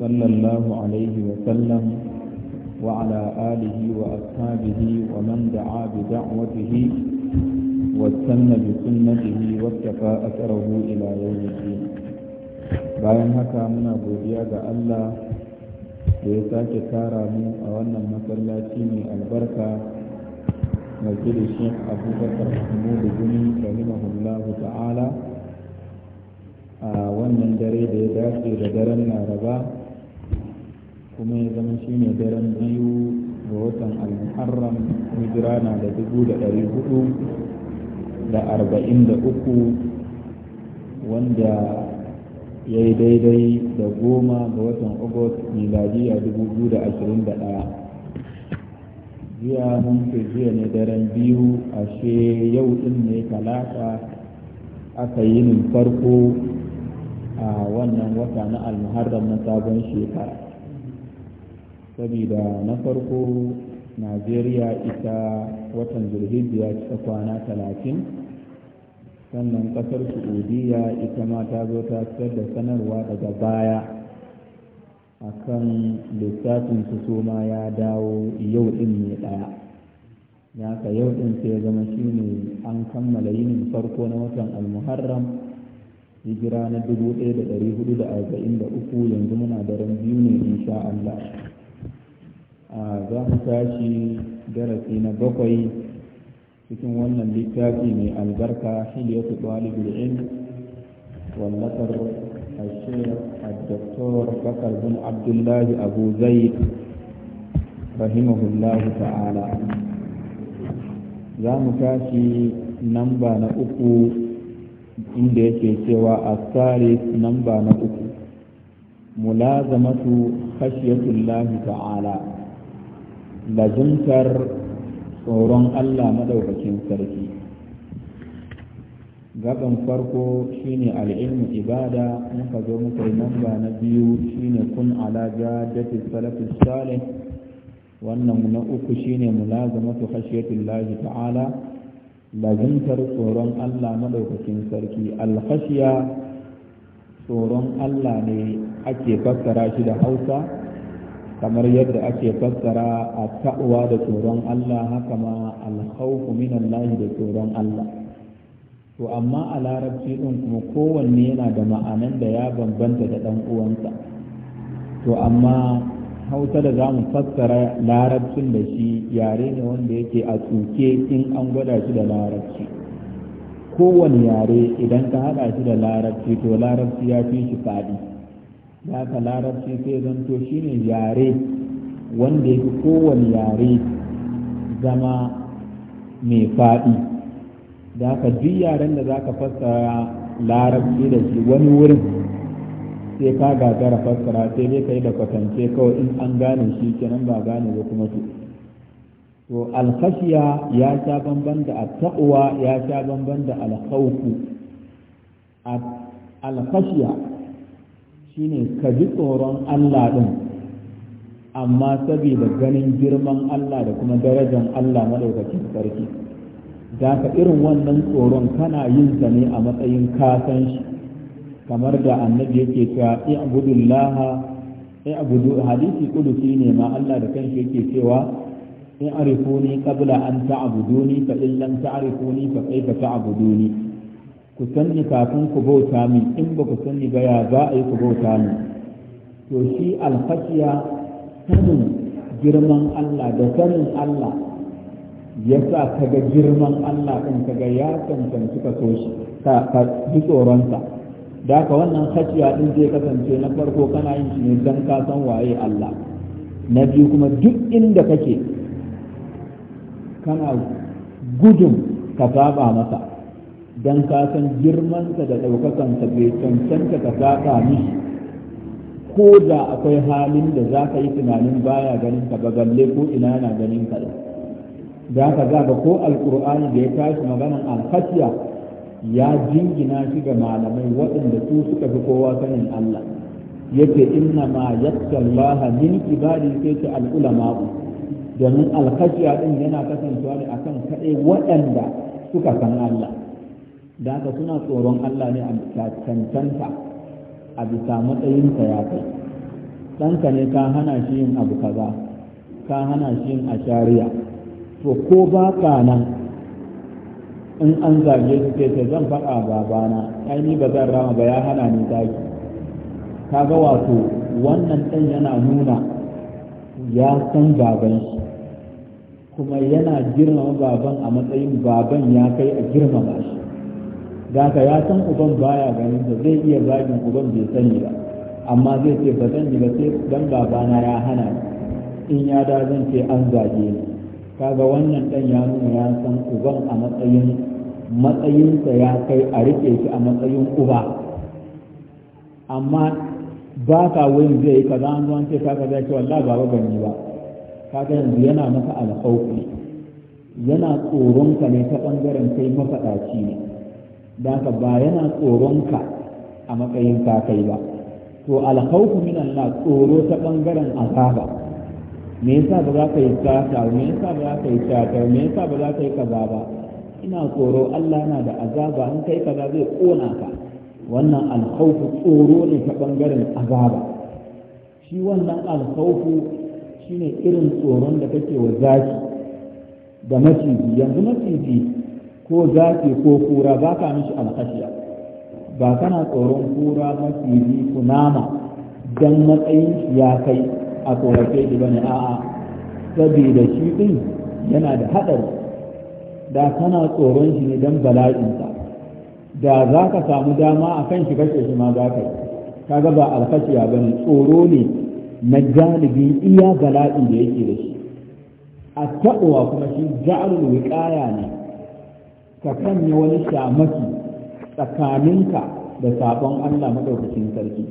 صلى الله عليه وسلم وعلى آله وأصحابه ومن دعا بدعوته واستنى بسنته واكتفى أثره إلى يوم الدين bayan haka muna godiya ga Allah da ya sake tara mu a wannan masallaci mai albarka masjid Sheikh Abubakar Mahmud guni rahimahullahu ta'ala a wannan dare da ya dace da daren Laraba kuma ya zama shi ne daren biyu ga watan al-muharram hijira na da dubu da ɗari hudu da arba'in da uku wanda ya yi daidai da goma ga watan august miladiya dubu biyu da ashirin da ɗaya jiya mun ke jiya ne daren biyu ashe yau ɗin ne talata aka yi farko a wannan wata na almuharram na sabon shekara saboda na farko najeriya ita watan zulhijjiya cika kwana talatin sannan kasar saudiya ita ma ta zo ta fitar da sanarwa daga baya akan lissafin su ya dawo yau din ne daya ya ka yau din sai ya zama shine an kammala yinin farko na watan almuharram hijira na 1443 yanzu muna daren biyu ne insha Allah za mu tashi darasi na bakwai cikin wannan littafi mai albarka hiliyatu ɗalibul ilm wallafar الشيخ الدكتور a doktor bakar bin abdullahi abu رحمه rahimahullahu ta'ala za mu tashi namba na uku inda yake cewa asari namba na uku mulazamatu khashiyatullahi ta'ala lazumtar tsoron Allah maɗaukakin sarki gaban farko shine al'ilmu ibada muka zo muka yi namba na biyu shine kun ala jadati salafi salih wannan na uku shine mulazamatu khashiyatillahi ta'ala lazimtar tsoron Allah maɗaukakin sarki alkhashiya tsoron Allah ne ake fassara shi da Hausa kamar yadda ake fassara a ta'uwa da tsoron Allah haka ma alkhawfu min Allah da tsoron Allah to amma a larabci ɗin kuma kowanne yana da ma'anan da ya bambanta da dan uwansa to amma hausa da zamu fassara larabcin da shi yare ne wanda yake a tsuke in an gwada shi da larabci kowane yare idan ka haɗa shi da larabci to larabci ya fi shi faɗi ya ka larabci sai shi ne yare wanda ya fi kowane yare zama mai faɗi da ka duk yaren da za ka fassara larabci da shi wani wurin sai ka gagara fassara sai dai ka yi da kwatance kawai in an gane shi kenan ba gane ba kuma su to alkashiya ya sha bamban da attaqwa ya sha bamban da alkhawfu alkashiya shine ka ji tsoron Allah ɗin amma saboda ganin girman Allah da kuma darajar Allah maɗaukacin sarki da ka irin wannan tsoron kana yin sa ne a matsayin kasan shi kamar da annabi yake cewa i'budullaha i'budu hadisi kudusi ne ma Allah da kanshi yake cewa in arifuni qabla an ta'buduni fa in lam ta'rifuni fa kaifa ta'buduni ku ni kafin ku bauta min in ba ku sanni ba ya za a yi ku bauta min to shi alfasiya sanin girman Allah da sanin Allah ya sa kaga girman Allah ɗin ga ya cancanci ka so shi ka ji tsoronsa da ka wannan hajiya ɗin zai kasance na farko kana yin shi ne don ka san waye Allah na biyu kuma duk inda kake kana gudun ka saba masa don ka san girmansa da ɗaukakansa bai cancanta ka saka mishi ko da akwai halin da za ka yi tunanin baya ganin ka ba balle ko ina na ganin ka da za ka ko alƙur'ani da ya tashi maganan alkhasiya ya jingina shi ga malamai waɗanda su suka fi kowa sanin Allah yake inna ma yakka min ibadi sai ta al'ulama domin alkhasiya din yana kasancewa ne akan kaɗai waɗanda suka san Allah da haka suna tsoron Allah ne a cancanta a bisa matsayinsa ya kai ɗanka ne ka hana shi yin abu kaza ka hana shi yin ashariya to ko ba ka nan in an zage su sai ce zan faɗa babana ai ni ba zan rama ba ya hana ni ka ga wato wannan ɗan yana nuna ya san baban shi kuma yana girmama baban a matsayin baban ya kai a girmama shi da yasan ya san uban baya ganin da zai iya zagin uban bai sani ba amma zai ce ba zan yi ba sai dan babana ya hana in ya da zan ce an zage ni kaga wannan dan ya nuna ya san uban a matsayin matsayinsa ya kai a rike shi a matsayin uba amma ba ka wani zai yi kaza an zuwan ce kaga zai ce wallahi baba ban yi ba kaga yanzu yana maka alƙawfi yana tsoron ka ne ta bangaren kai mafaɗaci ne da ka ba yana tsoronka a matsayin ka kai ba to alkhawfu min tsoro ta bangaren azaba me yasa ba za ka yi sata me yasa ba za ka yi sata me yasa ba za ka yi kaza ba ina tsoro Allah na da azaba in kai kaza zai kona ka wannan alkhawfu tsoro ne ta bangaren azaba shi wannan alkhawfu shine irin tsoron da kake wa zaki da maciji yanzu maciji ko zafi ko kura ba ka mishi alkashiya ba kana tsoron kura maciji kunama don matsayin ya kai a tsorace shi bane a'a saboda shi din yana da haɗari da kana tsoron shi ne don bala'insa da za ka samu dama a kan shi kashe shi ma za ka yi kaga ba alkashiya ba ne tsoro ne na galibin iya bala'in da yake da shi a taɓowa kuma shi ja'alul wiƙaya ne ka sanya wani shamaki tsakaninka da sabon Allah madaukakin sarki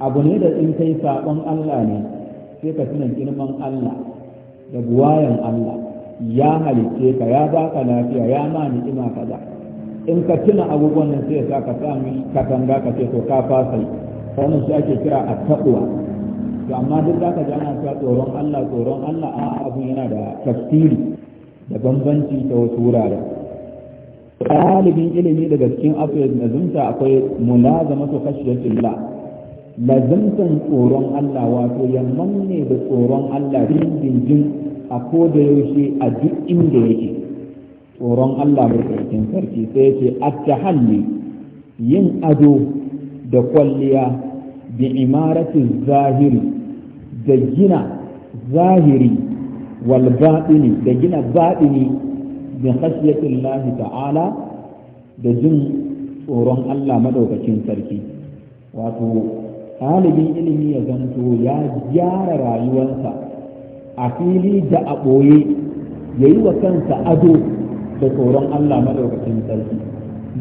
abu ne da in kai sabon Allah ne sai ka tuna girman Allah da buwayan Allah ya halicce ka ya baka lafiya ya ma ni'ima kaza in ka tuna abubuwan nan sai ka sa ka katanga ka ce to ka fasa wannan shi ake kira at-taqwa to amma duk zaka ji ana cewa tsoron Allah tsoron Allah a abun yana da tafsiri da bambanci ta wasu wuraren ɗalibin ilimi daga cikin afiyar lazimta akwai mulazamatu khashyatin la lazimtan tsoron Allah wato yamman ne da tsoron Allah dindindin a koda yaushe a duk inda yake tsoron Allah mai sarki sai yace at-tahalli yin ado da kwalliya bi imarati zahiri da gina zahiri wal batini da gina batini bi khashyati Allah ta'ala da jin tsoron Allah madaukakin sarki wato ɗalibin ilimi ya zanto ya gyara rayuwarsa a fili da a ɓoye ya yi wa kansa ado da tsoron Allah madaukakin sarki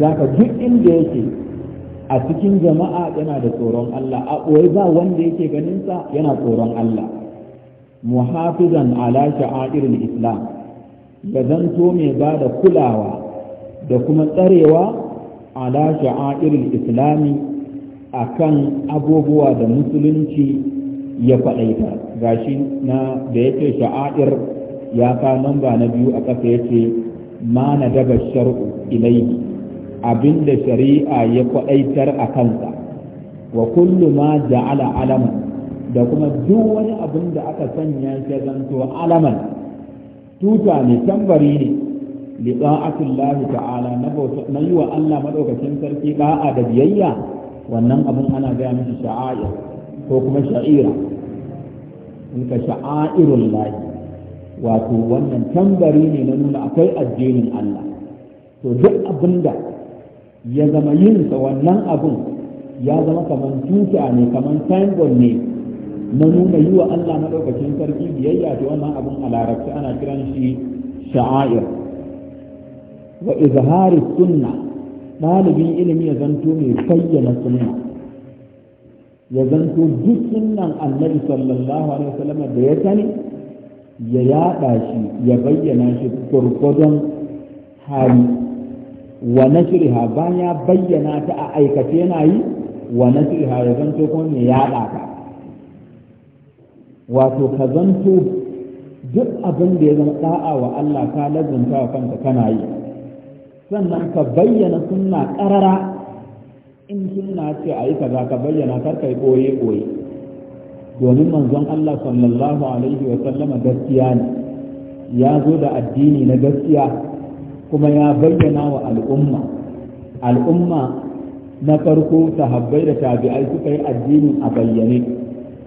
daga duk inda yake a cikin jama'a yana da tsoron Allah a ɓoye ba wanda yake ganinsa yana tsoron Allah muhafizan ala sha'airul islam ya zanto mai ba da kulawa da kuma tsarewa ala sha'airul islami a kan abubuwa da musulunci ya faɗaita gashi na da ce sha'air ya ka namba na biyu a ƙasa yace ma na daga shar'u abin abinda shari'a ya faɗaitar a kansa wa kullu ma ja'ala alaman da kuma duk wani abin da aka sanya shi zanto alaman tuta ne tambari ne li da'atullahi ta'ala na na yi wa Allah madaukakin sarki da'a da biyayya wannan abun ana gaya mishi sha'a'ir ko kuma sha'ira in ka lahi wato wannan tambari ne na nuna akwai addinin Allah to duk abinda ya zama yin wannan abun ya zama kaman tuta ne kaman signboard ne na nuna yi wa Allah na madaukakin sarki biyayya ta wannan abin a larabci ana kiran shi sha'air wa izhari sunna ɗalibin ilimi ya zanto mai fayyana sunna ya zanto duk sunnan annabi sallallahu alaihi wasallam da ya sani ya yaɗa shi ya bayyana shi gurgudun hali wa nashriha bayan ya bayyana ta a aikace yana yi wa nashriha ya zanto kuma mai yaɗa ta wato ka zanto duk abin da ya zama da'a wa Allah ka lazanta wa kanka kana yi sannan ka bayyana sunna ƙarara in sunna ce a yi kaza ka bayyana kar kai ɓoye-ɓoye domin manzon Allah sallallahu alaihi wa sallama gaskiya ne ya zo da addini na gaskiya kuma ya bayyana wa al'umma al'umma na farko ta sahabbai da tabi'ai suka yi addinin a bayyane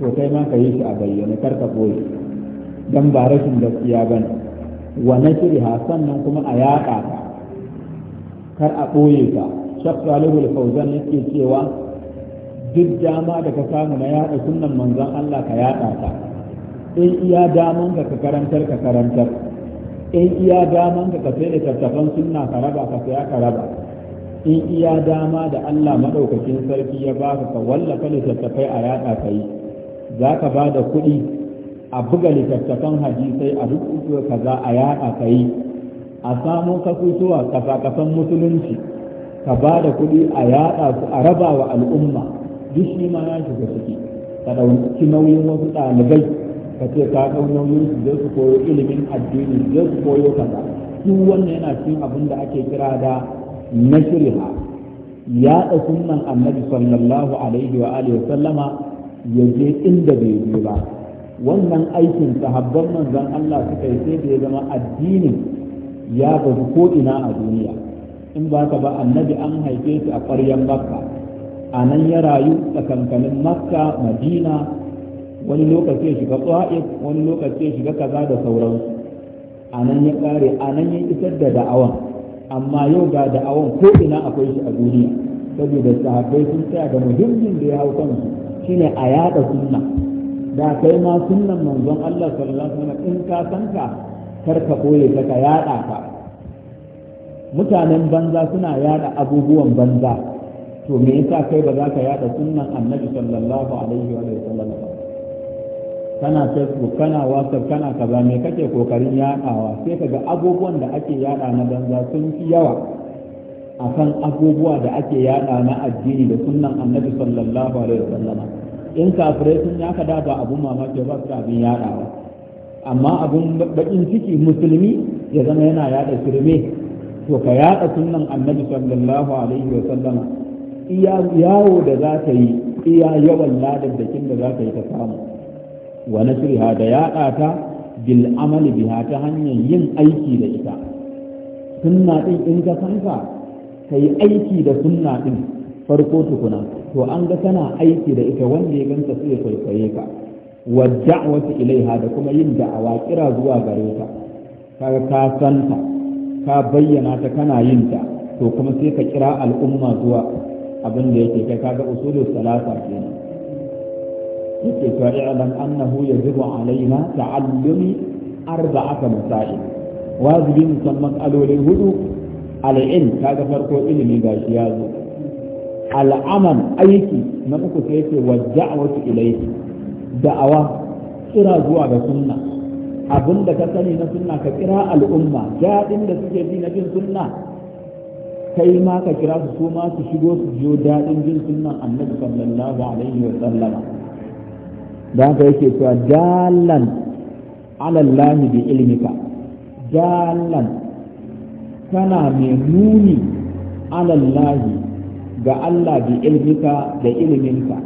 to kai ma ka yi shi a bayyane kar ka boye dan ba rashin gaskiya bane wa na ha sannan kuma a yaƙa ka kar a boye ka shakku alihul fauzan yake cewa duk dama da ka samu na yaɗa sunan manzon Allah ka yaɗa ka in iya daman ka karantar ka karantar in iya daman ka ka sai littattafan sunna ka raba ka saya ka raba in iya dama da Allah madaukakin sarki ya baka ka wallafa littattafai a yaɗa ka yi za ka ba da kuɗi a buga littattafan hadisai a duk ka kaza a yaɗa ka yi a samun kasusuwa kasakasan musulunci ka ba da kuɗi a yaɗa su a raba wa al'umma duk shi ma ya shiga ciki ka ɗauki nauyin wasu ɗalibai ka ce ka ɗau nauyin su zai su koyo ilimin addini zai su koyo kaza duk wannan yana cikin abin da ake kira da nashriha yaɗa sunan annabi sallallahu alaihi wa alihi wa sallama ya je inda bai je ba wannan aikin sahabban manzon Allah suka yi sai da ya zama addinin ya bazu ko ina a duniya in ba ka ba annabi an haife shi a ƙwaryen makka a nan ya rayu tsakankanin makka madina wani lokaci ya shiga tsa'if wani lokaci ya shiga kaza da sauransu a nan ya kare a nan ya isar da da'awan amma yau ga da'awan ko ina akwai shi a duniya saboda sahabbai sun tsaya da muhimmin da ya hau kansu shine a yada sunna da kai ma sunnan manzon Allah sallallahu alaihi wasallam in ka san ka kar ka koye ka ka yada ka mutanen banza suna yada abubuwan banza to me yasa kai ba za ka yada sunnan annabi sallallahu alaihi wa sallam kana facebook kana whatsapp kana kaza me kake kokarin yadawa sai kaga abubuwan da ake yada na banza sun fi yawa akan abubuwa da ake yada na addini da sunnan annabi sallallahu alaihi wasallama in kafirai sun ya kada ba abun mamaki ba su abin ba amma abun bakin ciki musulmi ya zama yana yada firme to ka yada sunnan annabi sallallahu alaihi wasallama iya yawo da za ka yi iya yawan ladan da da za ka yi ta samu wa nasriha da yada ta bil amali biha ta hanyar yin aiki da ita sunna din in ka san ka yi aiki da sunna ɗin farko tukuna to an ga kana aiki da ita wanda ya ganta sai ya kwaikwaye ka wadda da'watu ilaiha da kuma yin da'awa kira zuwa gare ta kaga ka ka bayyana ta kana yin ta to kuma sai ka kira al'umma zuwa abin da yake kai kaga usulul salasa kenan yake to i'lam annahu yajibu alaina ta'allumi arba'ata masail wajibi musamman alolin hudu al'in ga farko ilimi ga shi ya zo al'aman aiki na uku sai ce wa da'awatu ilayhi da'awa kira zuwa ga sunna abin da ka sani na sunna ka kira al'umma daɗin da suke ji na jin sunna kai ma ka kira su su ma su shigo su jiyo daɗin jin sunnan annabi sallallahu alaihi wa sallama da haka yake cewa dalan alallahi bi ilmika dalan kana mai nuni alallahi ga Allah bi ilmika da iliminka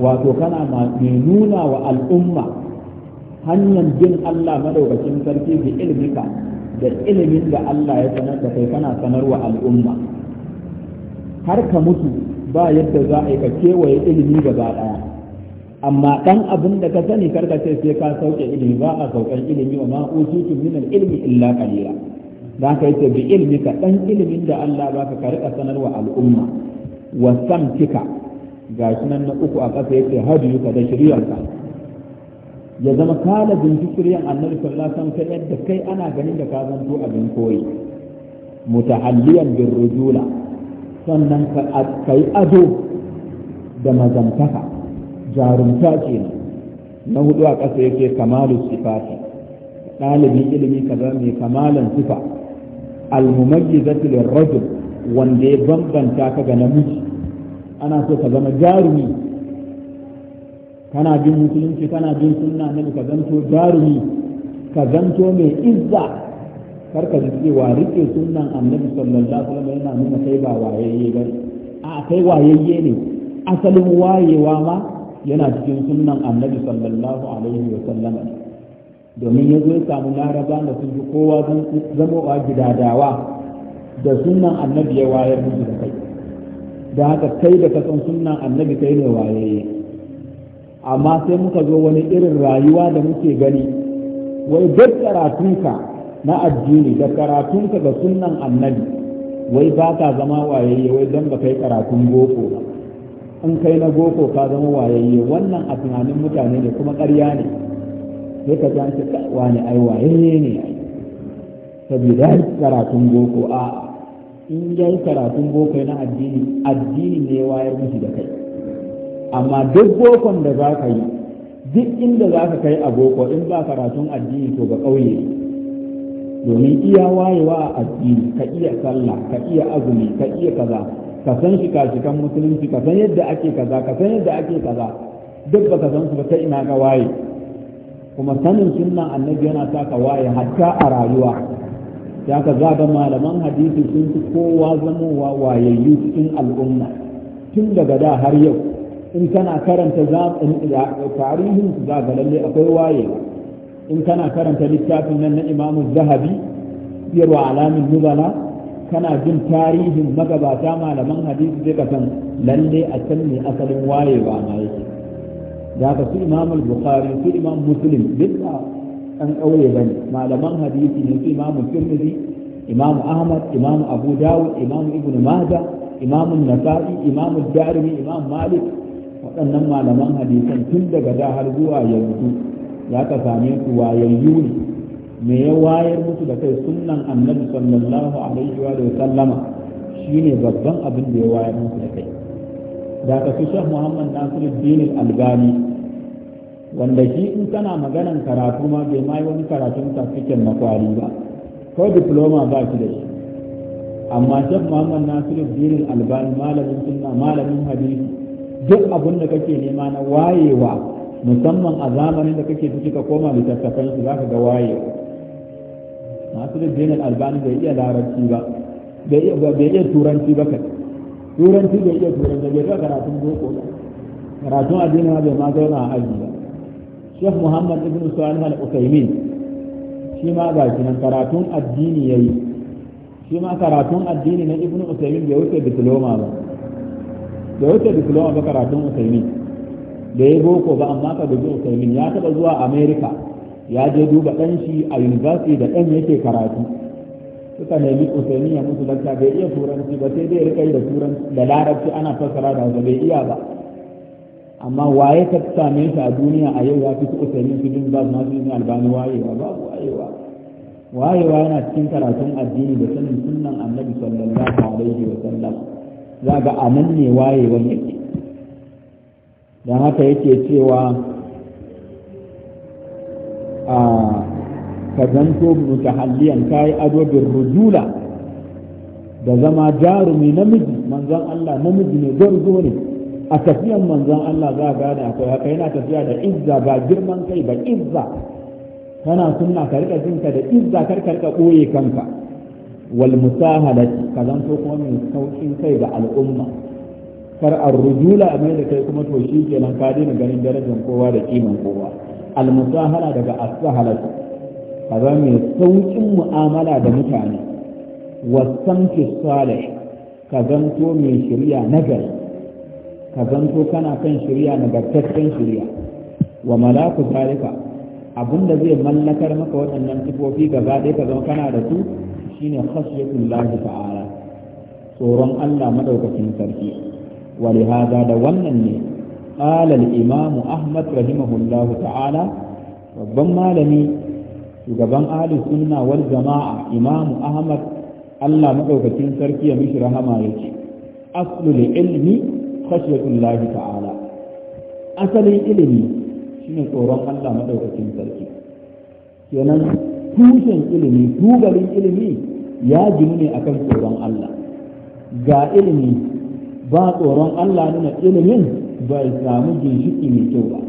wato kana mai nuna wa al'umma hanyar bin Allah madaukakin sarki bi ilmika da ilimin da Allah ya sanar da kai kana sanarwa al'umma har ka mutu ba yadda za a yi ka kewaye ilimi gaba ɗaya amma ɗan abin da ka sani karka ce sai ka sauke ilimi ba a saukan ilimi wa ma utitu min ilmi illa qalila dan ka yace bi ka. dan ilimin da Allah baka ka rika sanarwa al'umma wa samtika ga sunan na uku a ƙasa yace hadiyu ka da shiriyarka ya zama kala binci shiryan annabi sallallahu alaihi wasallam yadda kai ana ganin da ka zanto abin koyi mutahalliyan bin rujula sannan ka yi ado da mazantaka jarumta kenan na hudu a ƙasa yake kamalu sifati ɗalibin ilimi kaza mai kamalan sifa al-mumayyizatu wanda ya bambanta ka ga namiji ana so ka zama jarumi kana bin musulunci kana bin sunna na ka zanto jarumi ka zanto mai izza kar ka ji cewa rike sunnan annabi sallallahu alaihi wasallam yana nuna kai ba wayayye ba a kai wayayye ne asalin wayewa ma yana cikin sunnan annabi sallallahu alaihi wasallam domin ya zo ya samu laraba da sun fi kowa zamowa gidadawa da sunan annabi ya wayar musu da kai da haka kai da kasan sunan annabi kai ne wayaye amma sai muka zo wani irin rayuwa da muke gani wai duk karatunka na addini da karatunka ga sunan annabi wai ba ka zama wayayye wai don ba kai karatun boko ba in kai na boko ka zama wayayye wannan a tunanin mutane ne kuma ƙarya ne sai ka ga ta wani ai waye ne saboda ya karatun boko a in ya karatun boko na addini addini ne ya wayar musu da kai amma duk bokon da za ka yi duk inda za ka kai a boko in ba karatun addini to ga ƙauye domin iya wayewa a addini ka iya sallah ka iya azumi ka iya kaza ka san ka shikan musulunci ka san yadda ake kaza ka san yadda ake kaza duk ba ka san su ba ta ina ga waye kuma sanin sunnan annabi yana sa waye hatta a rayuwa ya ka zaga malaman hadisi sun fi kowa zamowa wayayyu cikin al'umma tun daga da har yau in kana karanta tarihin su zaga lalle akwai waye in kana karanta littafin nan na imamu zahabi siyarwa alamin nubala kana jin tarihin magabata malaman hadisi zai ka san lalle a can asalin asalin wayewa na yake da haka su imam al-bukhari su imam muslim duk ba an kauye bane malaman hadisi ne su imam tirmidhi imam ahmad imam abu dawud imam ibn majah imam an-nasa'i imam ad-darimi imam malik waɗannan malaman hadisan tun daga da har zuwa yanzu ya ka same su wayayyu ne me ya wayar musu da kai sunnan annabi sallallahu alaihi wa sallama shine babban abin da ya wayar musu da kai da ka fi shah muhammad nasiruddin al-albani wanda shi in kana maganan karatu ma bai mai yi wani karatun safikin na kwari ba ko diploma ba shi da shi amma shek muhammad nasiru dinin albani malamin sunna malamin hadisi duk abin da kake nema na wayewa musamman a zamanin da kake ciki ka koma littattafan shi zaka ga wayewa nasiru dinin albani bai iya larabci ba bai iya turanci ba kai turanci bai iya turanci bai ga karatun boko ba karatun addini ma bai ma zauna a aji ba Sheikh Muhammad ibn Salih al-Uthaymeen shi ma ga shi karatun addini yayi shi ma karatun addini na ibn Uthaymeen bai wuce diploma ba bai diploma ba karatun Uthaymeen da yayi boko ba amma ka guji Uthaymeen ya taba zuwa America ya je duba dan shi a university da dan yake karatu suka nemi Uthaymeen ya musu lakta bai iya turanci ba sai dai rika yi da turanci da larabci ana fassara da bai iya ba amma waye ka same shi a duniya a yau ya fi su usaimin su din ba masu yin albani wayewa ba wayewa wayewa yana cikin karatun addini da sanin sunan annabi sallallahu alaihi wa sallam za ga a nan ne wayewan yake don haka yake cewa a ka zanto mutahalliyan kayi ado bin rujula da zama jarumi namiji manzon Allah namiji ne gwarzo ne a tafiyan manzon Allah za ga da akwai haka yana tafiya da izza ba girman kai ba izza kana sunna ka rika jinka da izza kar ka rika boye kanka wal musahalati ka zanto kuma mai saukin kai ga al'umma kar ar-rujula mai da kai kuma to shi kenan ka ganin darajar kowa da kiman kowa al musahala daga as-sahalati ka zama mai saukin mu'amala da mutane wasan fi salih ka zanto mai shirya nagari ka zanto kana kan shirya nagartaccen shirya wa malaku zalika abin da zai mallakar maka waɗannan sifofi ga zaɗai ka zama kana da su shine khashiyatullahi ta'ala tsoron Allah madaukakin sarki wa lihada da wannan ne qala al-imam Ahmad rahimahullahu ta'ala babban malami shugaban ahli sunna wal jama'a imam Ahmad Allah madaukakin sarki ya mishi rahama yake aslul ilmi khashiyatullahi ta'ala asalin ilimi shine tsoron Allah madaukakin sarki kenan tushen ilimi tubalin ilimi ya jinu ne akan tsoron Allah ga ilimi ba tsoron Allah nuna ilimin bai samu ginshiki mai kyau ba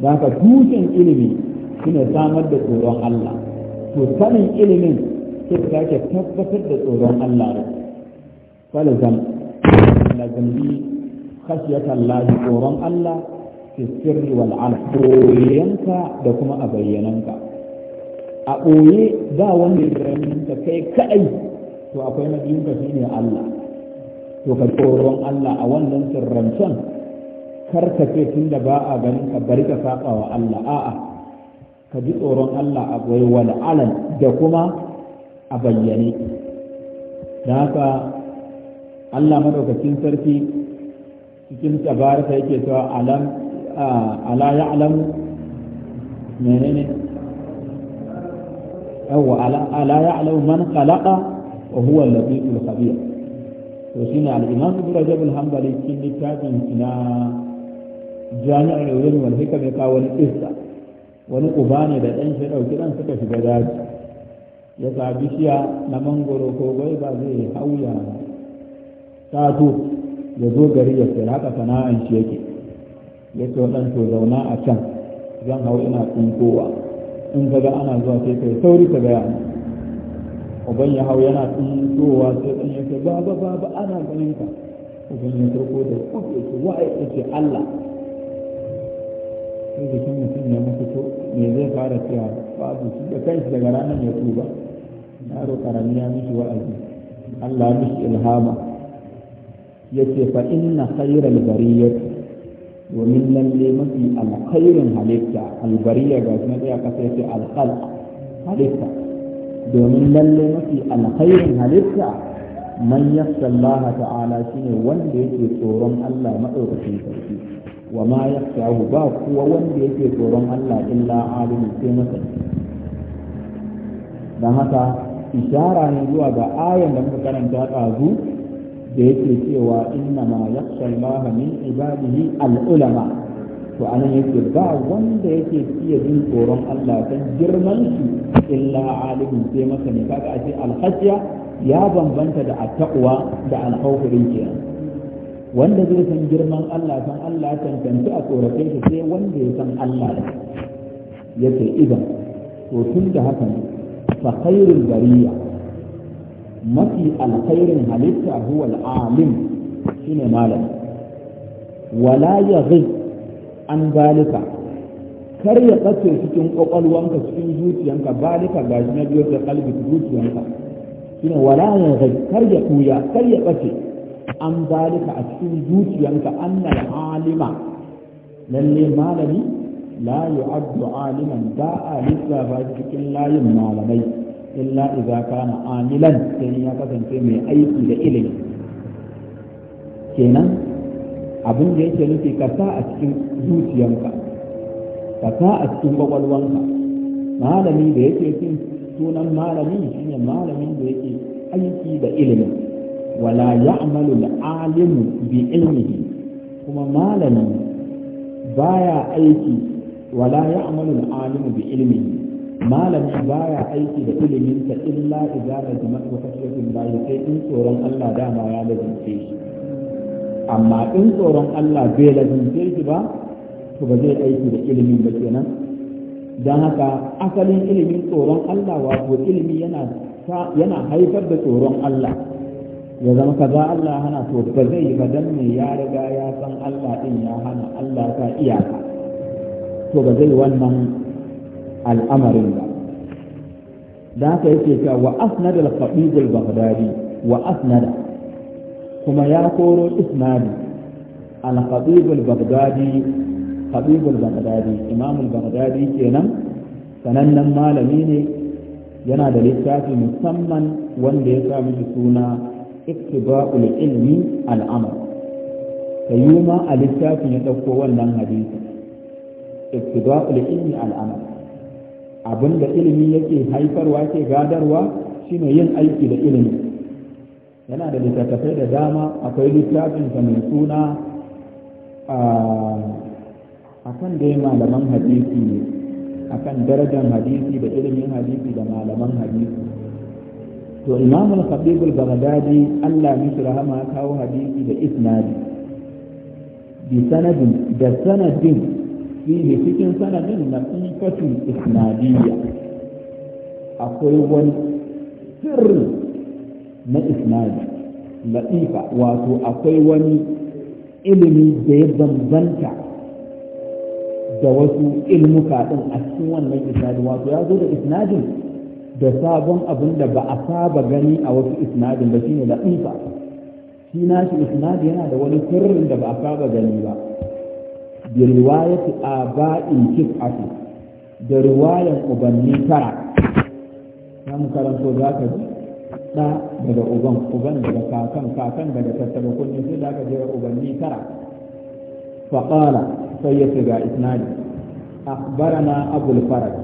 da ka tushen ilimi shine samar da tsoron Allah to sanin ilimin sai ka ke tabbatar da tsoron Allah ne falazam khashiyatan lahi tsoron Allah fi sirri wal koyanka da kuma a bayyananka a ɓoye za wanda ya ka kai kaɗai to akwai mabiyinka shi ne Allah to ka tsoron Allah a wannan sirrancen kar ka ce tun ba a ganin ka bari ka saba wa Allah a'a ka ji tsoron Allah a ɓoye wal da kuma a bayyane da haka Allah madaukakin sarki cikin tabarata yake cewa alam ala ya'lam menene yawwa ala ya'lam man khalaqa wa huwa al-latiful khabir to shine al-imam ibn rajab al-hanbali cikin littafin ina jami'ar ulum wal hikam ya kawo isa wani uba ne da dan shi dauki dan suka shiga daji ya ga bishiya na mangoro ko ba zai hauya sato ya zo gari ya sai haka sana'an shi yake ya ce wadan to zauna a can zan hau ina tsinkowa in ka ga ana zuwa sai kai sauri ka gaya uban ya hau yana tsinkowa sai ɗan ya ce ba ba ba ba ana ganin ka uban ya sauko da kuɗi ya ce waye ya ce Allah sai jikin mutum ya mutu to me zai fara cewa babu shi da kanshi daga ranar ya tuba yaro karami ya mishi wa'azi Allah ya mishi ilhama yace fa inna khayral bariyat domin lalle mafi alkhairin halitta albariya ga na tsaya kasa yace alkhalq halitta domin lalle mafi alkhairin halitta man yasallaha ta'ala shine wanda yake tsoron Allah madaukakin sarki wa ma yasahu ba kuwa wanda yake tsoron Allah illa alimi sai masani dan haka ishara ne zuwa ga ayan da muka karanta ɗazu da yake cewa inna ma yakhsha Allah min ibadihi al-ulama to anan yake ba wanda yake iya jin tsoron Allah kan girman shi illa alimin sai masa ne kaga ashe al-khashya ya bambanta da at-taqwa da al-khawf wanda zai san girman Allah san Allah tantance a tsorace shi sai wanda ya san Allah da yake idan to tun da haka fa khairul bariya mafi alkhairin halitta huwa al'alim shine malami wala ya an zalika kar ya tsace cikin kwakwalwanka cikin zuciyanka balika ga na biyar da kalbi zuciyanka shine wala ya kar ya kuya kar ya tsace an zalika a cikin zuciyanka annal alima lalle malami la yu'addu aliman ba a lissafa cikin layin malamai illa idza kana amilan sai ya kasance mai aiki da ilimi kenan abin da yake nufi ka sa a cikin zuciyanka ka sa a cikin kwakwalwanka malami da yake cin sunan malami ne malamin da yake aiki da ilimi wala ya'malu al-alimu bi ilmihi kuma malami baya aiki wala ya'malu al-alimu bi ilmihi malami baya aiki da iliminsa illa izara lazima wa khashyatin lahi sai in tsoron Allah dama ya lazimce shi amma in tsoron Allah bai lazimce shi ba to ba zai aiki da ilimin ba kenan don haka asalin ilimin tsoron Allah wato ilimi yana yana haifar da tsoron Allah ya zama kaza Allah hana to ba zai yi ba dan me ya riga ya san Allah din ya hana Allah ka iyaka to ba zai wannan al'amarin ba da haka yake cewa wa asnad al baghdadi wa kuma ya koro isnad al-qabib al-baghdadi qabib baghdadi baghdadi baghdadi kenan sanannen malami ne yana da littafi musamman wanda ya sami mishi suna iktiba'ul ilmi al a littafin ya dauko wannan hadisi iktiba'ul ilmi al-amal abin da ilimi yake haifarwa ke gadarwa shine yin aiki da ilimi yana da littattafai da dama akwai littafinsa mai suna a kan dai malaman hadisi ne a kan darajar hadisi da ilimin hadisi da malaman hadisi to imam khabibul khatib al-baghdadi Allah mishi rahama kawo hadisi da isnadi bi da sanadin fihi cikin sanadin na sifatun isnadiyya akwai wani sirri na isnadi la'ifa wato akwai wani ilimi da ya bambanta da wasu ilmuka din a cikin wannan isnadin wato ya zo da isnadin da sabon abin da ba a saba gani a wasu isnadin ba shine la'ifa shi nashi isnadi yana da wani sirrin da ba a saba gani ba bi riwayati aba'in kif'ati da riwayan ubanni tara za mu karanto za ka ji ɗa daga uban uban daga kakan kakan daga tattaba kunni sai za ka je tara ya أخبرنا أبو الفرج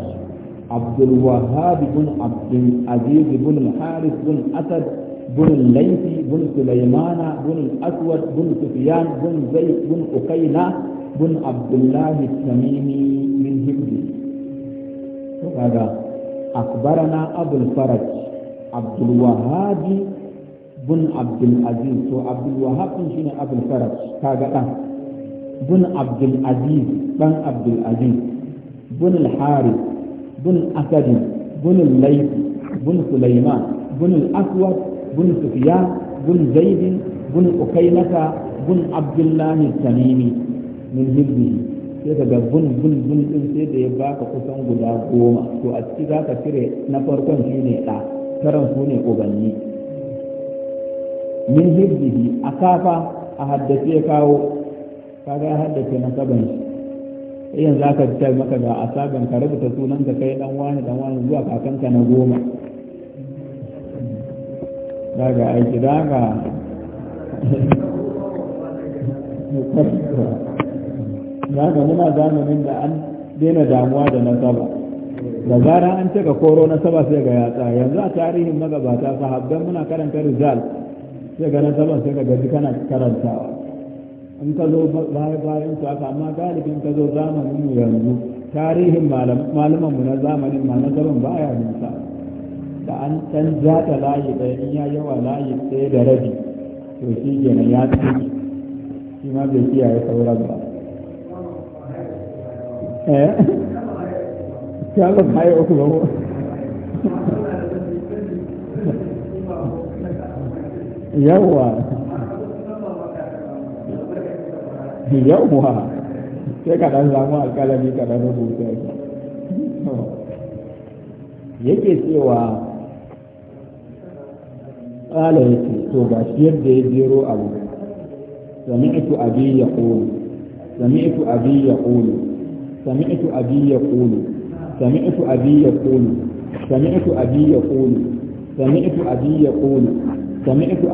عبد الوهاب بن عبد العزيز بن الحارث بن أسد بن الليثي بن سليمان بن الأسود بن سفيان بن زيد بن أقيلة bin abdullahi tamimi min hibdi to kaga akbarana abul faraj abdul wahabi bin abdul aziz to abdul wahab din shine abul faraj kaga dan bin abdul aziz dan abdul aziz bin al harith bin asad bin al layth bin sulaiman bin al aswad bin sufyan bin zaid bin ukainata bin abdullahi tamimi min hibbi sai ka ga bun bun bun din sai da ya baka kusan guda goma to a ciki za ka cire na farkon shi ne ɗa karan su ne ubanni min hibbi a kafa a haddace ya kawo ga ya haddace na saban shi yanzu aka fitar maka ga asaban ka rubuta sunan ka kai dan wani dan wani zuwa kakanka na goma daga aiki daga ya ga muna zamanin da an daina damuwa da nasaba da zara an cika ka koro nasaba sai ga yatsa yanzu a tarihin magabata sahabban muna karanta rizal sai ga nasaba sai ga gaji kana karantawa in ka zo bayan bayan su haka amma galibin ka zo zamanin mu yanzu tarihin malaman mu na zamanin ma na nasaban baya nisa da an can zata layi ɗaya in ya yawa layi ɗaya da rabi to shi kenan ya ci shi ma bai kiyaye sauran ba eh ya ba kai uku ba yawa sai ka dan samu alƙalami ka dan rubuta shi yake cewa ƙala to ba shi yadda ya jero abu sami'tu abi yaqulu sami'tu abi sami'tu abi yaqulu sami'tu abi yaqulu sami'tu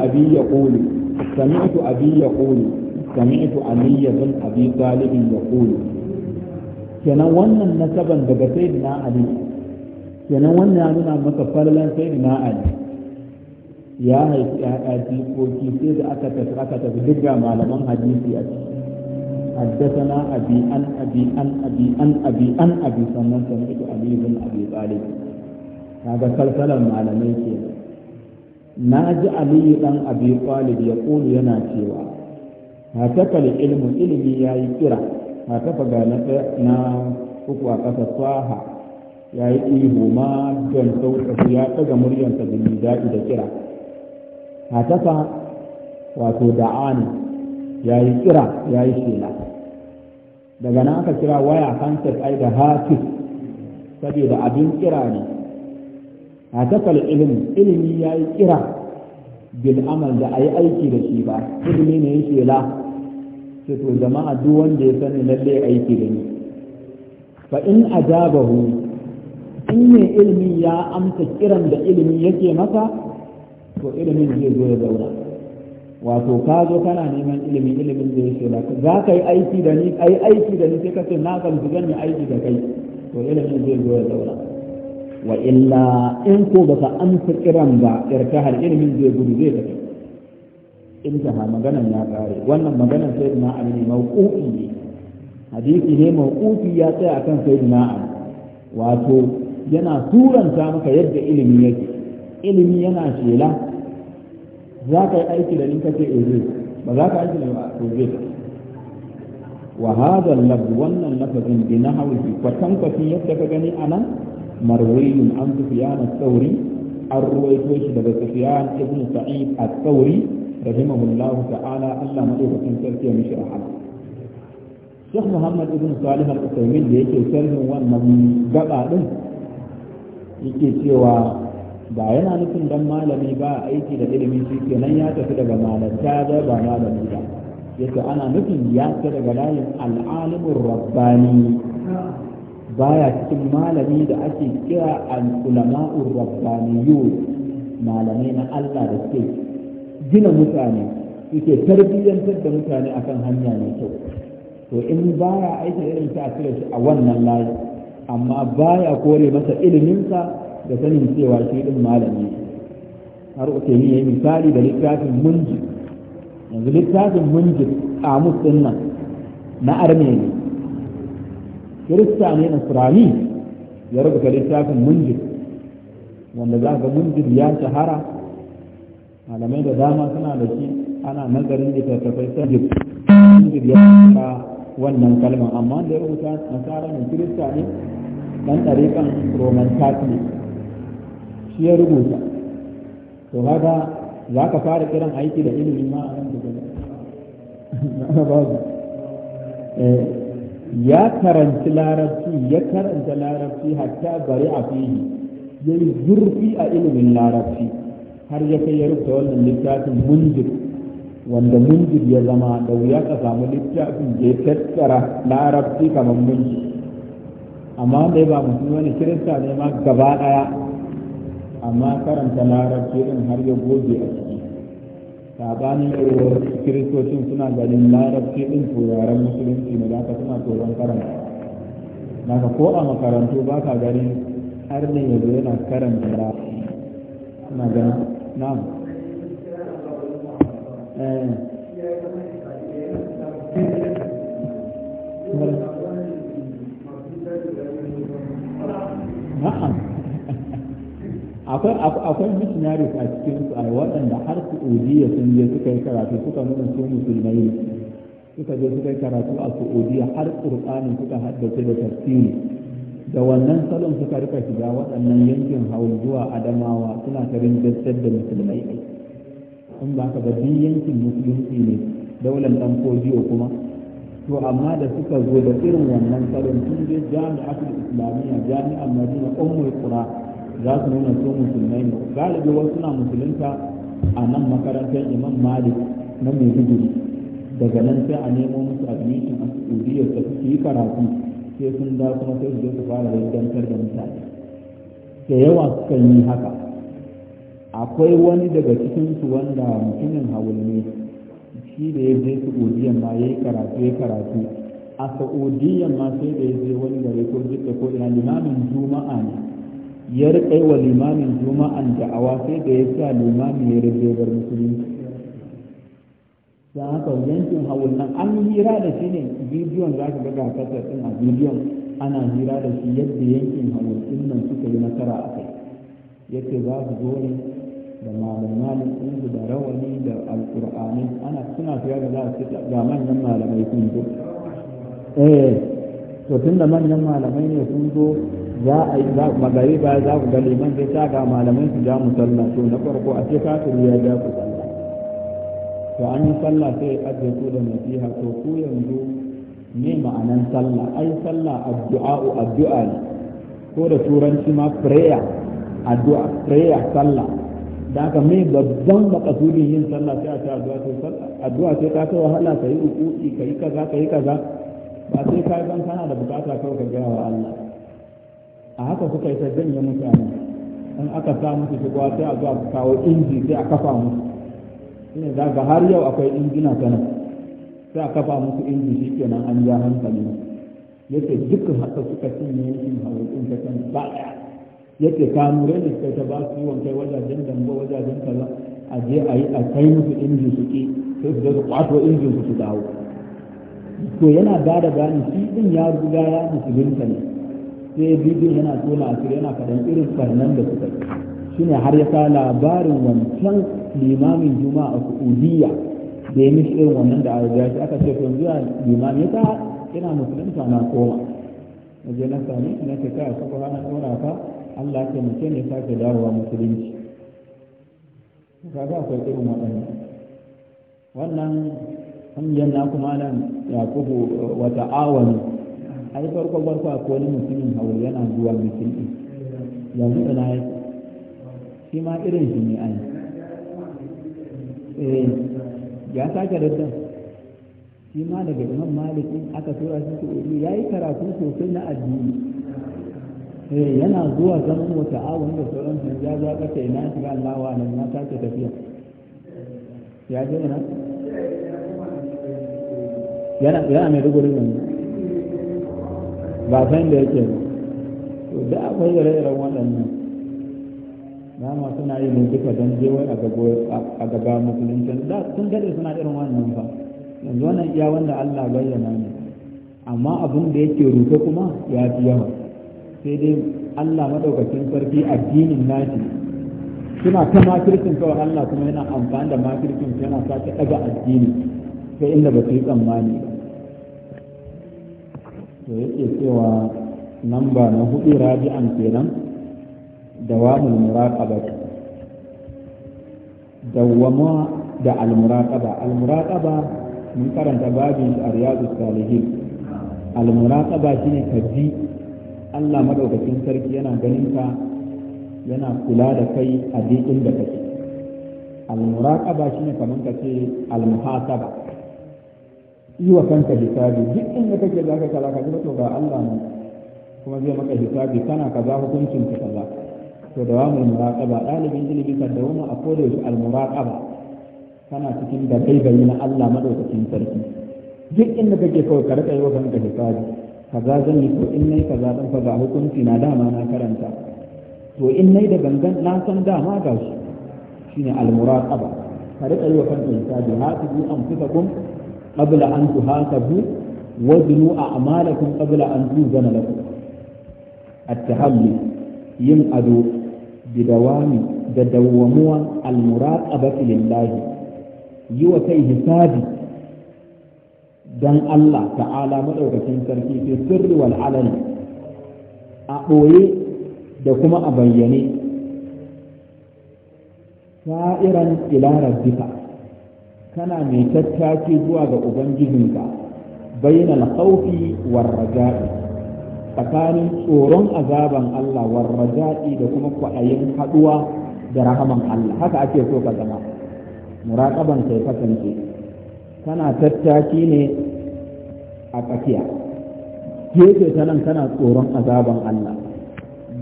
abi kenan wannan nasaban daga sayyidina ali kenan wannan ya nuna maka farlan sayyidina ali ya haifi ya'ya jikoki sai da aka tafi aka tafi duk ga malaman hadisi a ciki حدثنا أبي أن أبي أن أبي أن أبي أن أبي سنن سمعت علي بن أبي طالب هذا سلسلة معلمي كيف ناجي علي بن أبي طالب يقول ينا سوى هكذا العلم علمي يا يكرا هكذا na uku a ƙasa tsaha ya yi ihu ma don sauƙaƙu ya ɗaga muryarsa da daɗi da kira hatafa wato da'ani ya daga nan aka kira waya handset ai da hatif saboda abin kira ne a takal ilimi ilimi ya yi kira bil amal da a yi aiki da shi ba ilimi ne ya shela sai to jama'a duk wanda ya sani lallai aiki da ni fa in ajabahu in ne ilimi ya amsa kiran da ilimi yake masa to ilimin zai zo ya zauna wato ka zo kana neman ilimi ilimin zai ya shaida za ka yi aiki da ni ai aiki da ni sai ka ce na gamsu zan yi aiki da kai to ilimin zai zo ya zauna wa illa in ko ba baka amsa kiran ba irtahar ilimin zai gudu zai tafi intaha maganan ya kare wannan maganan sai na ali ne mauqufi ne hadisi ne mauqufi ya tsaya akan sai na ali wato yana turanta maka yadda ilimi yake ilimi yana shela za ka yi aiki da ni kace eh zai ba za ka aiki da zai wa hadha lab wannan lafazin bi nahwihi kwatan kwatin yadda ka gani anan marwiyun an sufyan al-thawri an ruwaito shi daga sufyan ibn sa'id al-thawri rahimahullah ta'ala Allah madaukakin sarki ya mishi rahama Sheikh Muhammad ibn Salih al da yake sharhin wannan gaba din yake cewa ba yana nufin dan malami ba aiki da ilimi shi kenan ya tafi daga malanta da ba malami ba yake ana nufin ya tafi daga layin al'alimin rabbani baya cikin malami da ake kira al'ulama'ur rabbaniyu malamai na Allah da suke gina mutane suke tarbiyyantar da mutane akan hanya mai kyau to in baya aiki da ilimi a cire shi a wannan layi amma baya kore masa iliminsa da sanin cewa shi din malami har uke yi misali da littafin munji yanzu littafin munji kamus din nan na armeni ne kirista ne nasrani ya rubuta littafin munji wanda za ga munji ya shahara malamai da dama suna da shi ana nazarin littattafai sajib munji ya shahara wannan kalmar amma da ya rubuta nasara ne kirista ne dan ɗariƙan roman catholic shi ya rubuta to haka za ka fara kiran aiki da ilimin ma a nan da babu eh, ya karanci larabci ya karanta larabci hatta bari a fili ya yi zurfi a ilimin larabci har ya kai ya rubuta wannan littafin munjir wanda munjir ya zama da wuya ka samu littafin da ya tattara larabci kamar munjir amma dai ba mutum wani kirista ne ma gaba ɗaya amma karanta larabci din har ya goge a ciki sabanin yiwuwar kiristocin suna ganin larabci din turaren musulunci ne da suna tsoron karanta naka ko a makarantu ba ka ganin har ne yanzu yana karanta larabci suna ganin na'am eh. na'am akwai akwai missionaries a cikin su a waɗanda har su odiya sun je suka yi karatu suka nuna su musulmai suka je suka yi karatu a odiya har Qur'ani suka haddace da tafsiri da wannan salon suka rika shiga waɗannan yankin hawan zuwa Adamawa suna ta rinjastar da musulmai in ba ka duk yankin musulunci ne daular dan fodiyo kuma to amma da suka zo da irin wannan salon sun je jami'atul islamiyya jami'an madina ummul qur'an za su nuna su musulmai ne galibi wasu na musulunta a nan makarantar imam malik na maiduguri daga nan sai a nemo musu admission a studiyar da suke yi karatu sai sun da kuma sai su je su fara dangantar da mutane da yawa sukan yi haka akwai wani daga cikinsu wanda mutumin hawul ne shi da ya je saudiyan ma ya yi karatu ya karatu a sa'udiyya ma sai da ya je wani gare ko jika ko ina limamin juma'a ne ya riƙa yi wa limamin juma'an da'awa sai da ya sa limamin ya rage bar musulunci don haka yankin hawul nan an hira da shi ne bidiyon za ka ga ga kasar ɗin a bidiyon ana hira da shi yadda yankin hawul ɗin nan suka yi nasara a kai yake za su zo ne da malamalin ɗinsu da rawani da alƙur'ani ana suna fiya da za su ga manyan malamai sun zo eh to tun da manyan malamai ne sun zo za a yi magari ba za ku gani man sai ta ga malamai su ja mu sallah to na farko a ce kafin ya ja ku sallah to an yi sallah sai ya ajiye ku da nasiha to ku yanzu me ma'anan sallah ai sallah addu'a'u addu'a ne ko da turanci ma prayer addu'a prayer sallah da ka mai babban makasudin yin sallah sai a ce addu'a to sallah addu'a sai ka ta wahala ka yi ukuki ka yi kaza ka yi kaza ba sai ka san kana da bukata kawai ka gaya wa Allah a haka suka yi ta janye mutane in aka sa musu shigowa sai a zo a kawo inji sai a kafa musu ina za ga har yau akwai injina ta nan sai a kafa musu inji shi kenan an ja hankali ne. yake dukkan haka suka cinye hawa hawaƙin ta kan ba ɗaya ka nure da suka ta ba su yi wankai wajajen dambo wajajen kaza a je a yi a kai musu inji su ƙi sai su zo su kwato injin su su dawo to yana ba da gani shi din ya riga ya musulunta ne sai bidiyon yana tona cikin yana faɗin irin farnan da suka yi ne har ya sa labarin wancan limamin juma'a a saudiya da ya mishi irin wannan da aka gashi aka ce to zuwa limam ya ta ina musulunta na koma na je na sami na ce kai su kuma na ka Allah ke mace ne ke dawowa musulunci kaga akwai irin waɗannan wannan hanyar na kuma nan ya kubu uh, wata awani ai farko farko ko ni mutumin haul yana zuwa bikin ɗin yanzu ina ya shi ma irin shi ne ai eh ya da rudda shi ma daga imam malik in aka tura shi su ya yi karatu sosai na addini eh yana zuwa zaman wata awon da sauran sun ya za ka ina shi shiga Allah wa nan na sake tafiya ya je na yana yana mai rubutu ne ba san da yake ba to da akwai ire-iren waɗannan ma suna yi ne duka don je wai a gaba musulunci da sun daɗe suna irin wannan ba yanzu wannan iya wanda Allah bayyana ne amma abin da yake rufe kuma ya fi yawa sai dai Allah maɗaukacin sarki addinin nashi suna ta makircin kawai Allah kuma yana amfani da makircin yana sake ɗaga addini sai inda ba su yi tsammani ba to yake cewa ba na hudu rabi'an kenan wa muraqabatu dawwama da al-muraqaba mun karanta babin a riyadu salihin al-muraqaba shine ka ji Allah madaukakin sarki yana ganin ka yana kula da kai a duk da kake al-muraqaba shine kaman kace almuhasaba yi wa kanka hisabi duk inda kake za ka kaza kaza to ga Allah ne kuma zai maka hisabi kana kaza hukuncin ka kaza to da wamul muraqaba dalibin ilimi ka da wani a koda shi al muraqaba kana cikin da kai bayi na Allah madaukakin sarki duk inda kake kawai ka rika yi wa kanka hisabi kaza zan yi ko in nayi kaza dan kaza hukunci na dama na karanta to in nayi da gangan na san dama gashi shine al muraqaba ka rika yi wa kanka hisabi hasibu anfusakum qabla an tuhasabu wa a a'malakum qabla an tuzana lakum at-tahalli yin ado bidawami da dawamuwa al-muraqabati lillahi yi wa kai hisabi dan Allah ta'ala madaukakin sarki fi sirri wal alani a ɓoye da kuma a bayyane sa'iran ila rabbika kana mai tattaki zuwa ga ubangijinka bainal khawfi war raja'i tsakanin tsoron azaban Allah war raja'i da kuma kwaɗayin haɗuwa da rahaman Allah haka ake so ka zama muraƙaban kai kasance kana tattaki ne a tsakiya gefe ta nan kana tsoron azaban Allah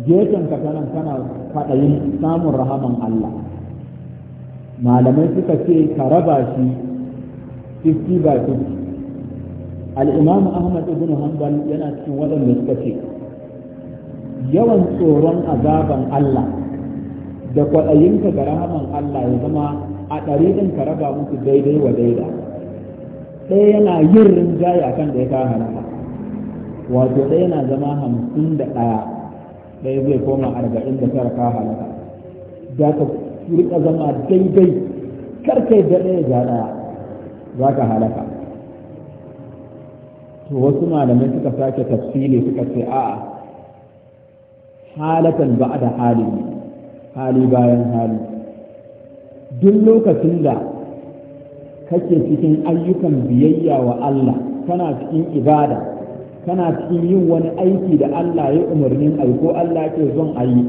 gefen ka ta nan kana kwaɗayin samun rahaman Allah malamai suka ce ka raba shi 50 by 50 al'imam ahmad ibn hanbal yana cikin waɗanda suka ce yawan tsoron azaban allah da kwaɗayinka ga rahaman allah ya zama a ɗari ɗin ka raba musu daidai wa daida ɗaya yana yin rinjaye akan da ya kama rama wato ɗaya yana zama hamsin da ɗaya ɗaya zai koma arba'in da tara ka halaka rika zama daidai karka da ɗaya ga ɗaya za ka halaka to wasu malamai suka sake tafsiri suka ce a'a halatan ba da hali hali bayan hali duk lokacin da kake cikin ayyukan biyayya wa Allah kana cikin ibada kana cikin yin wani aiki da Allah ya umarnin aiko Allah ke zon ayi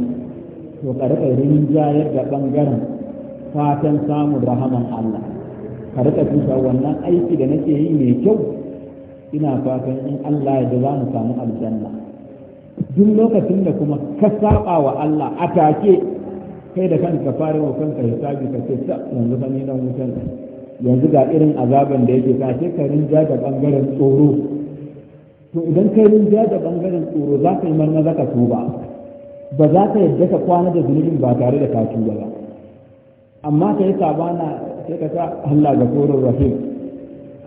to ka rinjayar da bangaren fatan samun rahaman Allah ka riƙa tusa wannan aiki da nake yi mai kyau ina fatan in Allah ya za mu samu aljanna duk lokacin da kuma ka saba wa Allah a take kai da kanka fara wa kanka hisabi ka ce ta yanzu fa ni nan wutan yanzu ga irin azaban da yake ka ce ka rinja da bangaren tsoro to idan kai rinja da bangaren tsoro za ka yi marmaza ka tuba ba za ka yadda ka kwana da zunubin ba tare da kaci ba amma ka yi sabana sai ka sa Allah ga koron rahim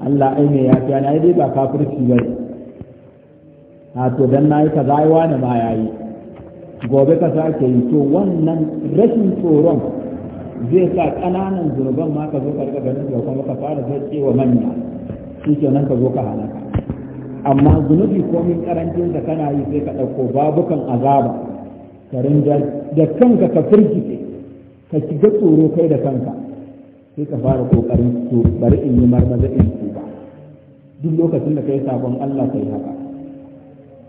Allah ai mai yafiya na dai ba kafirci ba a to dan na yi ka za wani ma ya yi gobe ka sake yi to wannan rashin tsoron zai sa ƙananan zunuban ma ka zo ka karka ganin da kuma ka fara zace wa manya shi nan ka zo ka halaka amma zunubi komin karancin da kana yi sai ka ɗauko babukan azaba karin rinja da kanka ka firgice ka shiga tsoro kai da kanka sai ka fara kokarin to bari in yi marmaza in ba duk lokacin da kai sabon Allah kai haka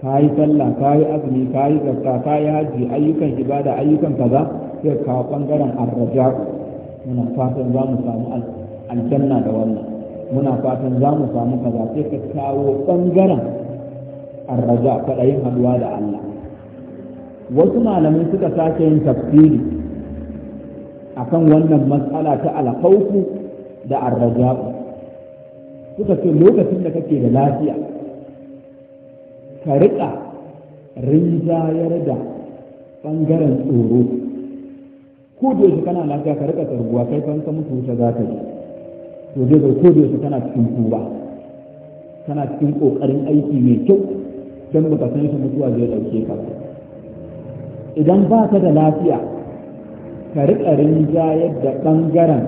ka sallah ka yi azumi ka yi zakka ka yi haji ayyukan ibada ayyukan kaza sai ka bangaren arraja muna fatan za mu samu aljanna da wannan muna fatan za mu samu kaza sai ka kawo bangaren arraja dai haduwa da Allah wasu malamai suka sake yin tafsiri akan wannan matsala ta alkhawfu da arraja'u suka ce lokacin da kake da lafiya ka riƙa rinjayar da ɓangaren tsoro ko da yake kana lafiya ka rika tsarguwa kai fa ka mutu wuce za ka yi to dai ga ko da yake kana cikin tuba kana cikin ƙoƙarin aiki mai kyau don baka san shi mutuwa zai ɗauke ka ba idan ba ka da lafiya ka riƙa rinjayar da ɓangaren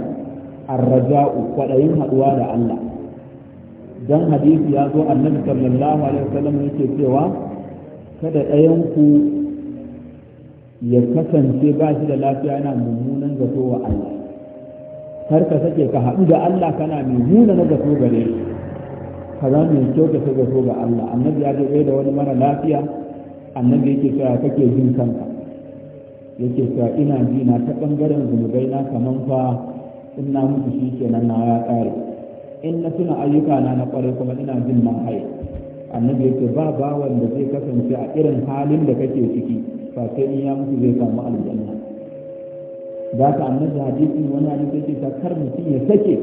arraja'u kwaɗayin haɗuwa da Allah don hadisi ya zo annabi sallallahu alaihi wasallam yake cewa kada ɗayanku ya kasance ba shi da lafiya yana mummunan zato wa Allah kar ka sake ka haɗu da Allah kana mai nuna na zato gare shi ka za mai kyautata zato ga Allah annabi ya je da wani mara lafiya annabi yake cewa kake jin kanka yake sa ina ji na ta ɓangaren zunubai na kaman fa in na mutu shi kenan na ya ƙare in na tuna ayyuka na na kwarai kuma ina jin man haye annabi yake ba bawan da zai kasance a irin halin da kake ciki fa sai in ya mutu zai samu aljanna za ka annabi hadisi wani hadisi yake ta kar mutum ya sake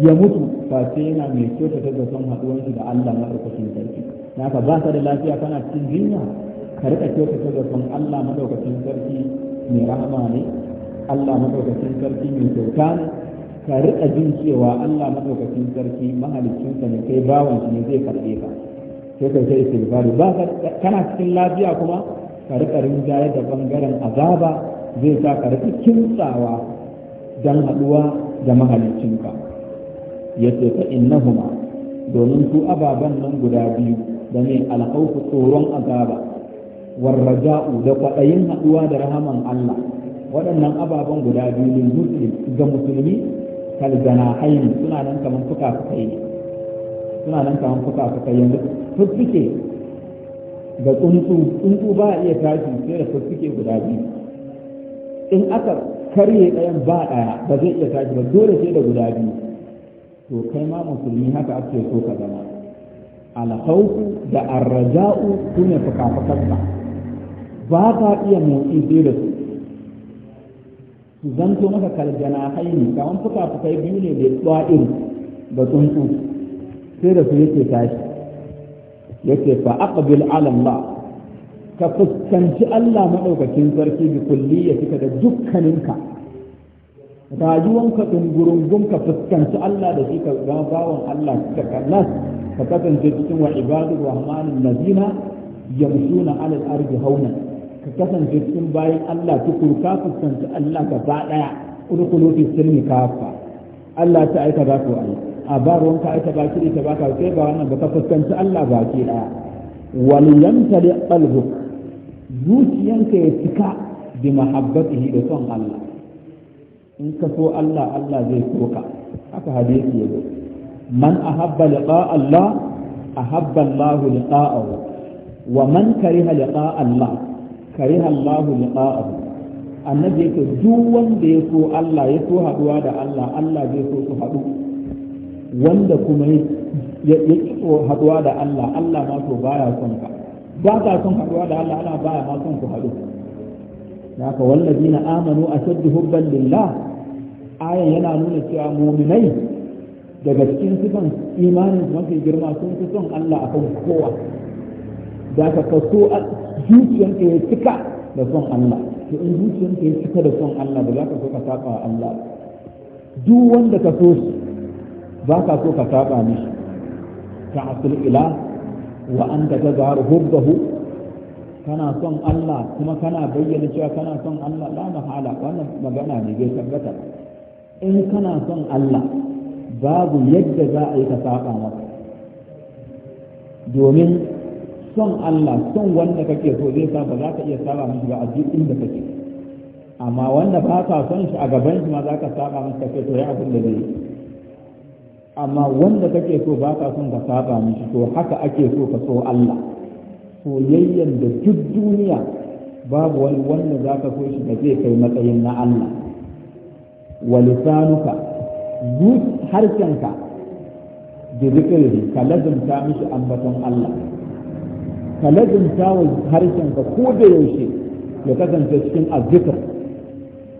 ya mutu ba sai yana mai kyautata da son haɗuwan da Allah maɗaukakin sarki naka ba ka da lafiya kana cikin jinya ka riƙa kyautata zaton Allah madaukakin sarki mai rahama ne Allah madaukakin sarki mai kyauta ne ka riƙa jin cewa Allah madaukakin sarki mahaliccinsa ne kai bawan ne zai karɓe ka sai ka sai istighfari ba kana cikin lafiya kuma ka riƙa rinjaye da bangaren azaba zai sa ka riƙa kintsawa don haɗuwa da mahalicinka yace fa innahuma domin su ababen nan guda biyu da ne alhauku tsoron azaba warraja'u da kwaɗayin haɗuwa da rahaman Allah waɗannan ababen guda biyu ne muslim ga musulmi kalgana haini suna nan kamar fuka fuka ne suna nan kamar fuka-fukai yanzu fuffuke ga tsuntsu tsuntsu ba a iya tashi sai da fuffuke guda biyu in aka karye ɗayan ba ɗaya ba zai iya tashi ba dole sai da guda biyu to kai ma musulmi haka ake so ka zama alhauku da arraja'u su ne fuka-fukansa ba ta iya motsi sai da su su zanto maka kaljana haini kawan fuka-fukai biyu ne da iri da tsuntsu sai da su yake tashi yake fa aqbil alam ba ka fuskanci Allah madaukakin sarki bi kulliyatika da dukkaninka rayuwanka dungurungun ka fuskanci Allah da shi ka zama bawan Allah ka kallas ka kasance cikin wa ibadur rahmanin nazina yamshuna alal ardi hauna ka kasance cikin bayan Allah tukur ka fuskanci Allah gaba daya udkhulu fi silmi kafa Allah ta aika za ku ai a ba ruwan ka aika baki da ba ka sai ba wannan ba ka fuskanci Allah baki daya wal yamtali qalbuk zuciyanka ya cika bi mahabbatihi da son Allah in ka so Allah Allah zai so ka haka hadisi yake man ahabba liqa Allah ahabba Allah liqa'ahu wa man kariha liqa Allah kariha Allahu liqa'ahu annabi yake duk wanda ya so Allah ya so haduwa da Allah Allah zai so su haɗu wanda kuma ya so haduwa da Allah Allah ma so baya son ka ba ka son haduwa da Allah Allah baya ma son ku haɗu haka wallazina amanu ashaddu hubban lillah ayan yana nuna cewa mu'minai daga cikin sifan imanin mafi girma sun fi son Allah akan kowa da ka so zuciyanka ya cika da son Allah to in zuciyanka ya cika da son Allah ba za ka so ka saba wa Allah duk wanda ka so ba ka so ka saba mishi ka asul ila wa anta tazharu hubbahu kana son Allah kuma kana bayyana cewa kana son Allah la mahala wannan magana ne bai tabbata in kana son Allah babu yadda za a yi ka saba masa domin son Allah son wanda kake so zai sa ba za ka iya saba mishi ba a duk inda kake amma wanda ba ka son shi a gaban shi ma za ka saba mishi kake to ya abin da zai amma wanda kake so ba ka son ka saba mishi to haka ake so ka so Allah soyayyen da duk duniya babu wani wanda za ka so shi da zai kai matsayin na Allah wa lisanuka duk harshenka da zikirin ka lazumta mishi ambaton Allah ka lazumta wa harshenka ko da yaushe ya kasance cikin azzikar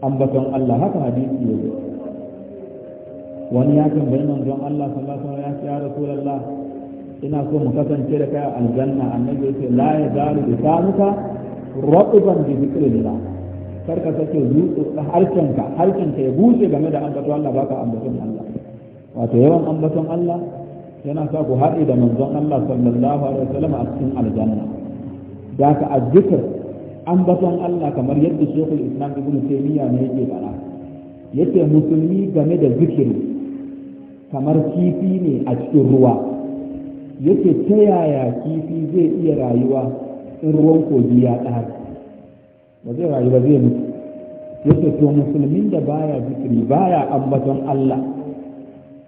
ambaton Allah haka hadisi ya zo wani ya tambayi manzon Allah sallallahu alaihi wasallam ya rasulullah ina so mu kasance da kai aljanna annabi yace la yazalu lisanuka raqiban bi dhikrillah kar ka sake harshenka harshenka ya bushe game da ambaton Allah baka ambaton Allah wato yawan ambaton Allah yana sa ku haɗe da manzon Allah sallallahu alaihi wasallam a cikin aljanna da ka an ambaton Allah kamar yadda shekul Islam Ibn Taymiyyah ne yake fara yace musulmi game da zikiri kamar kifi ne a cikin ruwa yace ta yaya kifi zai iya rayuwa in ruwan kogi ya ɗari ba zai rayu ba zai mutu yake to musulmin da baya zikiri baya ambaton Allah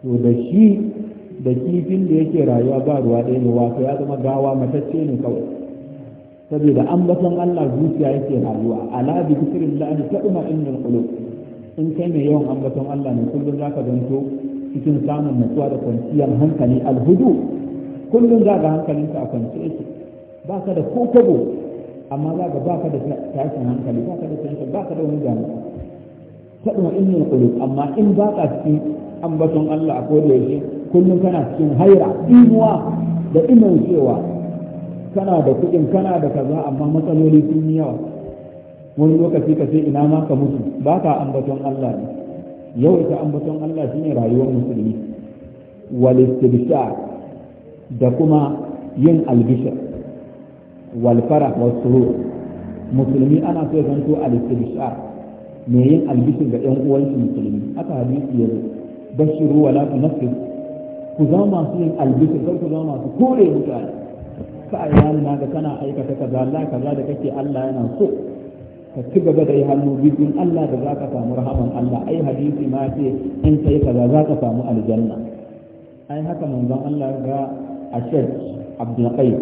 to da shi da kifin da yake rayuwa ba ruwa ɗaya ne wato ya zama gawa matacce ne kawai saboda ambaton Allah zuciya yake rayuwa ala bi dhikrillah taqma innal qulub in kai mai yawan ambaton Allah ne kullum za ka zanto cikin samun natsuwa da kwanciyar hankali alhudu kullum za ga hankalinka a kwance yake ba ka da ko kobo amma za ka ba ka da tashin hankali ba ka da tashin ba ka da wani damuwa taqma innal qulub amma in ba ka cikin ambaton Allah a koda yaushe kullum kana cikin haira imuwa da iman cewa kana da kuɗin kana da kaza amma matsaloli sun yi yawa wani lokaci ka ce ina ma ka mutu ba ka ambaton Allah ne Yau ita ambaton Allah shine rayuwar musulmi wal istibshar da kuma yin albishar wal farah wa surur musulmi ana so ya zanto al istibshar me yin albishir ga yan uwan musulmi aka hadisi yazo bashiru wala tunaffisu ku zama masu yin albisa, kar ku zama masu kore mutane ka a yana na ga kana aikata kaza Allah kaza da kake Allah yana so ka ci gaba da yi hannu biyu Allah da za ka samu rahaman Allah ai hadisi ma ce in kai kaza za ka samu aljanna ai haka manzon Allah ga Ashaj Abdul Qais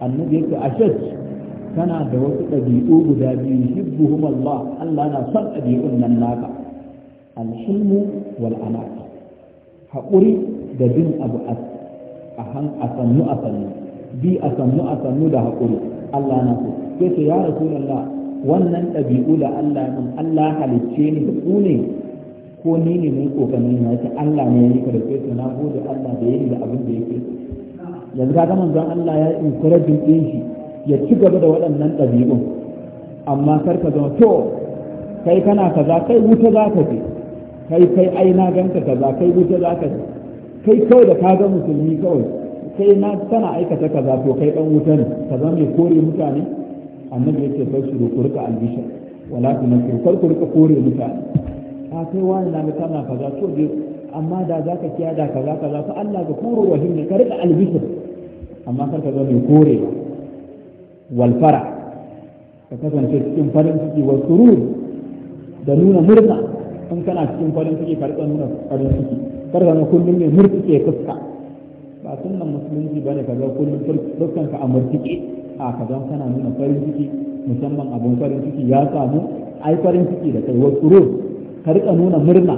annabi yake Ashaj kana da wasu ɗabi'u guda biyu hibbuhum Allah Allah na son ɗabi'un nan naka al-hilmu wal anaq haƙuri da bin abu a sannu a sannu bi a sannu a sannu da haƙuri Allah na so sai ce ya rasulullah wannan ɗabi'u da Allah min Allah halicce ni da ku ne ko ni ne mai kokani na ce Allah ne ya yi karfe su na gode Allah da ya yi da abin da ke yanzu ka ga manzon Allah ya encourage din shi ya ci gaba da waɗannan ɗabi'un amma kar ka zama to kai kana kaza kai wuta za ka je kai kai ai na ganka kaza kai wuta za ka kai kawai da ka ga musulmi kawai kai na tana aikata kaza to kai dan wuta ne ka zama mai kore mutane annabi yake sai shi ku rika albisha wala ku na kar ku kore mutane a kai wani na mutan kaza to je amma da za ka kiya da kaza kaza fa Allah ga kuro wahim ne ka rika albisha amma kar ka zama mai kore wal fara ka kasance cikin farin ciki wa surur da nuna murna in kana cikin farin ciki ka rika nuna farin ciki kar ka ga kullum ne ke fuska ba sunan musulunci bane ka ga kullum fuskan ka a murtuke a ka ga kana nuna farin ciki musamman abun farin ciki ya samu ai farin ciki da kai wasu ro ka rika nuna murna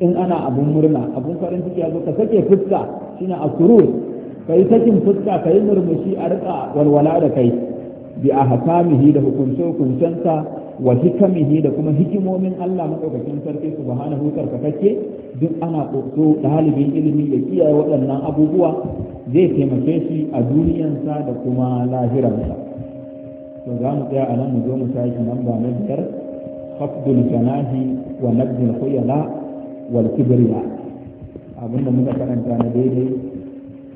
in ana abun murna abun farin ciki ya zo ka sake fuska shine a surur ka yi sakin fuska ka yi murmushi a rika walwala da kai bi a hakamihi da hukunce hukuncensa wa hikamihi da kuma hikimomin Allah madaukakin sarki hutar tarkakakke duk ana so ɗalibin ilimi ya kiyaye waɗannan abubuwa zai taimake shi a duniyansa da kuma lahiransa to za mu tsaya a nan mu zo mu tashi nan ba na biyar hafdul janahi wa nabdul khuyala wal kibriya abinda muka karanta na daidai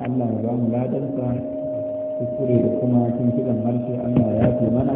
Allah ya ba mu ladansa kuskure da kuma tun kiɗan harshe Allah ya fi mana